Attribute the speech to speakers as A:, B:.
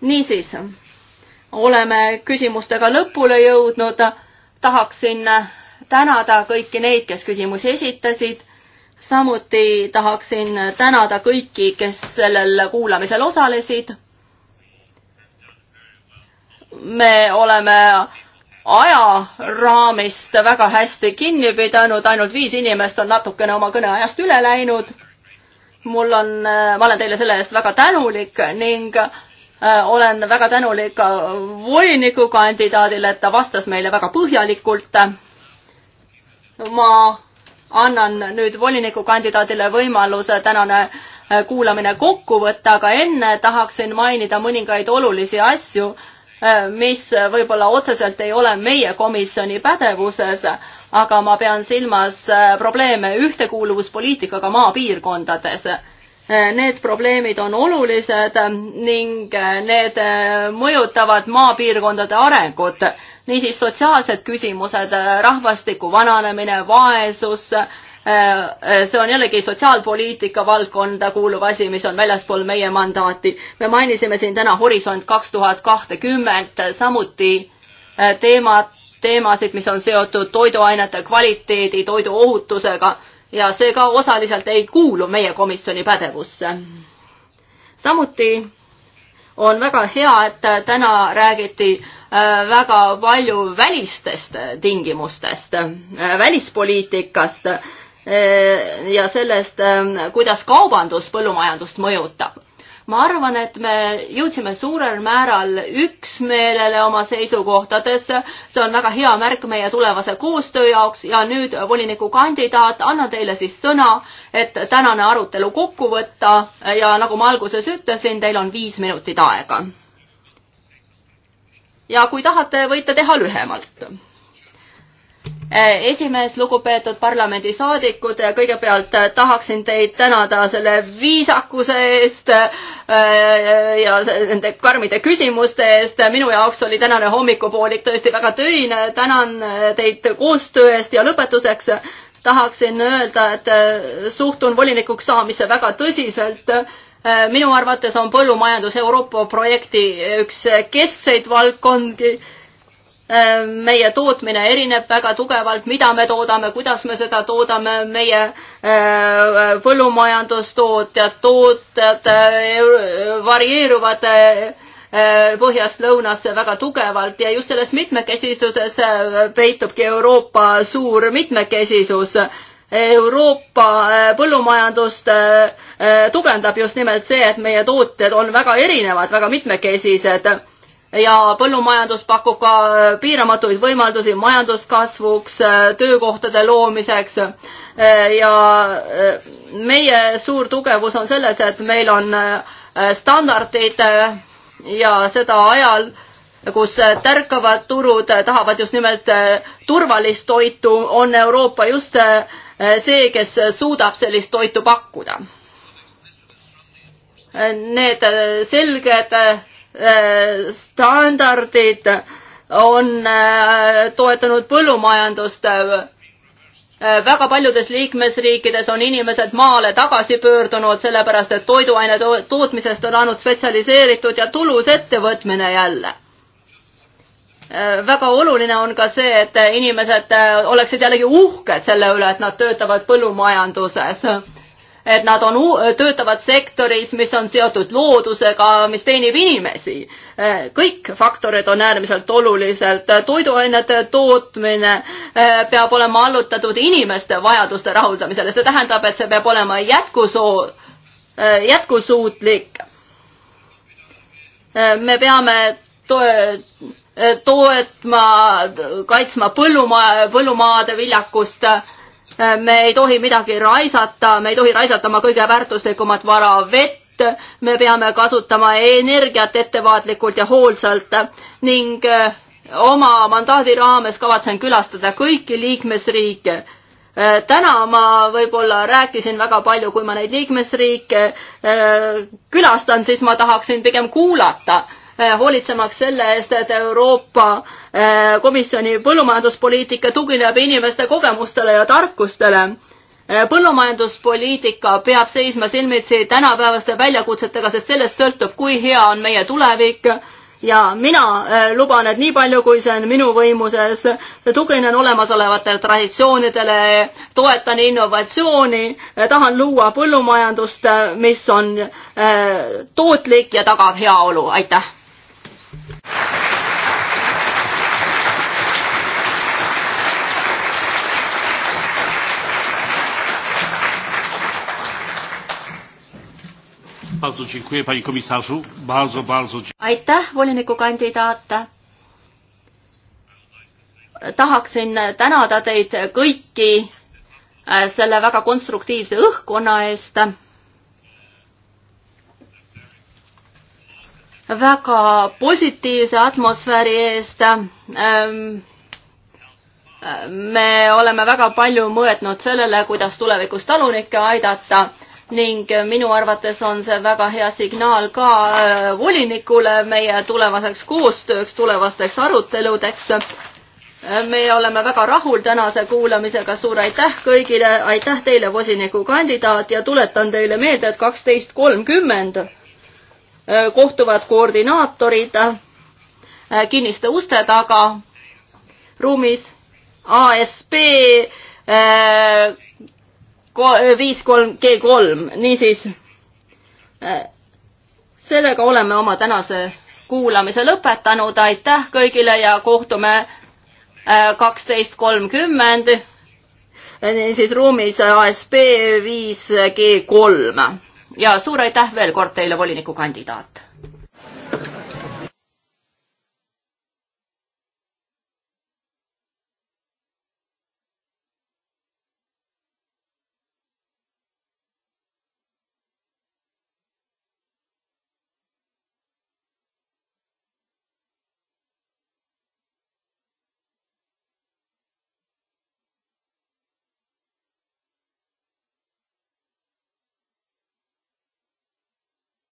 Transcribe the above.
A: niisiis, oleme küsimustega lõpule jõudnud. tahaksin tänada kõiki neid, kes küsimusi esitasid. samuti tahaksin tänada kõiki, kes sellel kuulamisel osalesid. me oleme ajaraamist väga hästi kinni pidanud, ainult viis inimest on natukene oma kõneajast üle läinud. mul on, ma olen teile selle eest väga tänulik ning äh, Äh, olen väga tänulik ka volinikukandidaadile, et ta vastas meile väga põhjalikult. ma annan nüüd volinikukandidaadile võimaluse tänane äh, kuulamine kokku võtta, aga enne tahaksin mainida mõningaid olulisi asju, äh, mis võib-olla otseselt ei ole meie komisjoni pädevuses, aga ma pean silmas probleeme ühtekuuluvuspoliitikaga maapiirkondades Eh, need probleemid on olulised eh, ning eh, need mõjutavad maapiirkondade arengut. niisiis sotsiaalsed küsimused, rahvastiku vananemine, vaesus, see on jällegi sotsiaalpoliitika valdkonda kuuluv asi, mis on väljaspool meie mandaati. me mainisime siin täna Horisont kaks tuhat kahtekümmend, samuti teemad, teemasid, mis on seotud toiduainete kvaliteedi, toiduohutusega ja see ka osaliselt ei kuulu meie komisjoni pädevusse. samuti on väga hea, et täna räägiti äh, väga palju välistest tingimustest, äh, välispoliitikast äh, ja sellest, kuidas kaubandus põllumajandust mõjutab ma arvan, et me jõudsime suurel määral üksmeelele oma seisukohtades. see on väga hea märk meie tulevase koostöö jaoks ja nüüd volinikukandidaat, annan teile siis sõna, et tänane arutelu kokku võtta ja nagu ma alguses ütlesin, teil on viis minutit aega. ja kui tahate, võite teha lühemalt Eh, esimees, lugupeetud parlamendisaadikud, eh, kõigepealt eh, tahaksin teid tänada selle viisakuse eest ja nende karmide küsimuste eest. minu jaoks oli tänane hommikupoolik tõesti väga töine. tänan teid koostöö eest ja lõpetuseks tahaksin öelda, et suhtun volinikuks saamisse väga tõsiselt minu arvates on põllumajandus Euroopa projekti üks keskseid valdkondi Äh, meie tootmine erineb väga tugevalt, mida me toodame, kuidas me seda toodame, meie äh, põllumajandustootjad, tootjad äh, varieeruvad põhjast lõunasse väga tugevalt ja just selles mitmekesisuses peitubki Euroopa suur mitmekesisus Euroopa põllumajandust tugevdab just nimelt see, et meie tooted on väga erinevad, väga mitmekesised ja põllumajandus pakub ka äh, piiramatuid võimalusi majanduskasvuks, äh, töökohtade loomiseks äh, ja meie suur tugevus on selles, et meil on standardid ja seda ajal, kus tärkavad turud tahavad just nimelt turvalist toitu, on Euroopa just see, kes suudab sellist toitu pakkuda. Need selged Äh, standardid on äh, toetanud põllumajandust. Äh, väga paljudes liikmesriikides on inimesed maale tagasi pöördunud, sellepärast et toiduaine tootmisest on olnud spetsialiseeritud ja tulus ettevõtmine jälle väga oluline on ka see, et inimesed oleksid jällegi uhked selle üle, et nad töötavad põllumajanduses et nad on, töötavad sektoris, mis on seotud loodusega, mis teenib inimesi. kõik faktorid on äärmiselt olulised, toiduainete tootmine eh, peab olema allutatud inimeste vajaduste rahuldamisele, see tähendab, et see peab olema jätkusoo-, eh, jätkusuutlik. Eh, me peame to-, toetma, kaitsma põllumaa, põllumaade viljakust äh, me ei tohi midagi raisata, me ei tohi raisata oma kõige väärtuslikumat vara, vett, me peame kasutama energiat ettevaatlikult ja hoolsalt ning eh, oma mandaadi raames kavatsen külastada kõiki liikmesriike eh, täna ma võib-olla rääkisin väga palju, kui ma neid liikmesriike eh, külastan, siis ma tahaksin pigem kuulata Äh, hoolitsemaks selle eest, et Euroopa äh, Komisjoni põllumajanduspoliitika tugineb inimeste kogemustele ja tarkustele. Äh, põllumajanduspoliitika peab seisma silmitsi tänapäevaste väljakutsetega, sest sellest sõltub, kui hea on meie tulevik ja mina luban, et nii palju, kui see on minu võimuses, tuginen olemasolevatele traditsioonidele, toetan innovatsiooni, tahan luua põllumajandust, mis on tootlik ja tagab heaolu, aitäh! aitäh, volinikukandidaat. tahaksin tänada teid kõiki äh, selle väga konstruktiivse õhkkonna eest. väga positiivse atmosfääri eest ähm, äh, me oleme väga palju mõõtnud sellele, kuidas tulevikus talunikke aidata ning äh, minu arvates on see väga hea signaal ka äh, volinikule meie tulevaseks koostööks, tulevasteks aruteludeks. Äh, me oleme väga rahul tänase kuulamisega, suur aitäh kõigile, aitäh teile, volinikukandidaat ja tuletan teile meelde, et kaksteist kolmkümmend kohtuvad koordinaatorid kinniste uste taga ruumis ASB Äh, viis kolm G kolm, niisiis äh, sellega oleme oma tänase kuulamise lõpetanud, aitäh kõigile ja kohtume äh, kaksteist kolmkümmend, niisiis ruumis ASB viis G kolm ja suur aitäh veel kord teile, volinikukandidaat